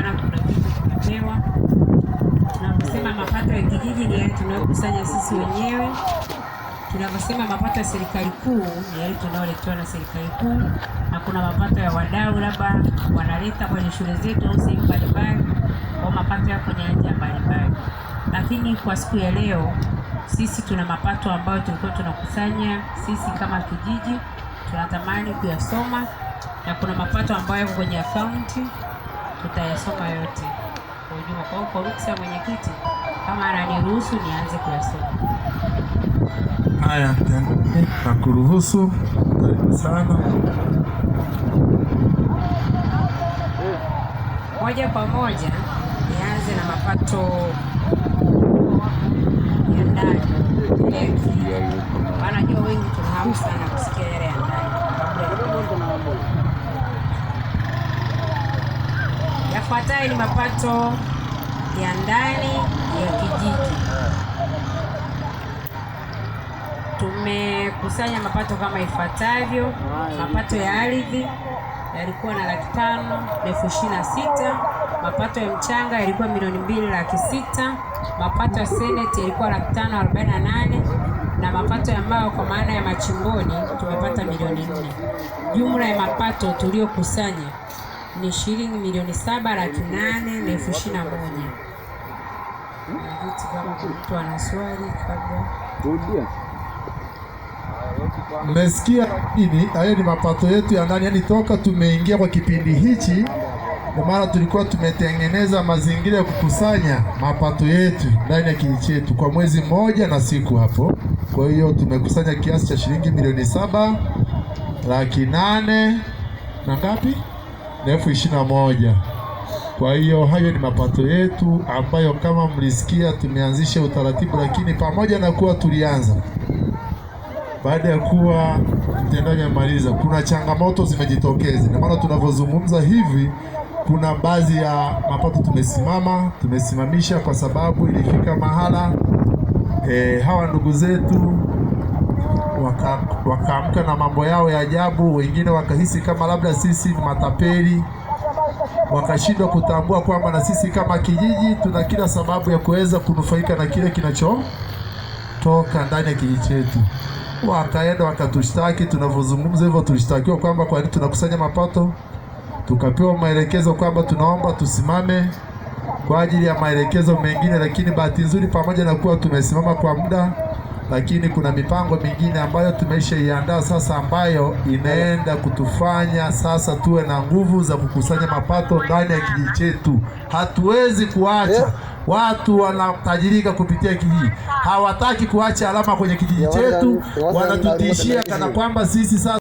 inaonekana kuna vitu tumepewa na kusema mapato ya kijiji ni yale tunayokusanya sisi wenyewe. Tunavyosema mapato ya serikali kuu ni yale tunayoletewa na serikali kuu, na kuna mapato ya wadau labda wanaleta kwenye shule zetu au sehemu mbalimbali, au mapato yako nyanja mbalimbali. Lakini kwa siku ya leo sisi tuna mapato ambayo tulikuwa tunakusanya sisi kama kijiji, tunatamani kuyasoma, na kuna mapato ambayo yako kwenye akaunti tutayasoma yote kwa ujumla. Kwa hiyo kwa ruksa ya mwenyekiti, kama ananiruhusu nianze kuyasoma haya. Nakuruhusu, karibu sana. Moja kwa moja nianze na mapato ya ndani, Wanajua wengi tunahamu sana Yafuatayo ni mapato ya ndani ya kijiji. Tumekusanya mapato kama ifuatavyo: mapato ya ardhi yalikuwa na laki tano elfu ishirini na sita mapato ya mchanga yalikuwa milioni mbili laki sita mapato ya seneti yalikuwa laki tano arobaini na nane na mapato ya mbao kwa maana ya machimboni tumepata milioni nne. Jumla ya mapato tuliyokusanya ni shilingi milioni saba laki nane na elfu ishirini na moja. Mtu ana swali kabla Mmesikia nini? Hayo ni mapato yetu ya ndani, yaani toka tumeingia kwa kipindi hichi, kwa maana tulikuwa tumetengeneza mazingira ya kukusanya mapato yetu ndani ya kijiji chetu kwa mwezi mmoja na siku hapo. Kwa hiyo tumekusanya kiasi cha shilingi milioni saba laki nane na ngapi? na elfu ishirini na moja. Kwa hiyo hayo ni mapato yetu ambayo kama mlisikia tumeanzisha utaratibu, lakini pamoja na kuwa tulianza baada ya kuwa mtendaji amaliza, kuna changamoto zimejitokeza. Ndio maana tunavyozungumza hivi, kuna baadhi ya mapato tumesimama, tumesimamisha kwa sababu ilifika mahala e, hawa ndugu zetu wakaamka waka na mambo yao ya ajabu, wengine wakahisi kama labda sisi ni matapeli, wakashindwa kutambua kwamba na sisi kama kijiji tuna kila sababu ya kuweza kunufaika na kile kinachotoka ndani ya kijiji chetu. Wakaenda wakatushtaki. Tunavyozungumza hivyo, tulishtakiwa kwamba kwa nini tunakusanya mapato, tukapewa maelekezo kwamba tunaomba tusimame kwa ajili ya maelekezo mengine, lakini bahati nzuri, pamoja na kuwa tumesimama kwa muda lakini kuna mipango mingine ambayo tumeshaiandaa sasa, ambayo inaenda kutufanya sasa tuwe na nguvu za kukusanya mapato ndani ya kijiji chetu. Hatuwezi kuacha eh? watu wanatajirika kupitia kijiji, hawataki kuacha alama kwenye kijiji chetu, wanatutishia kana kwamba sisi sasa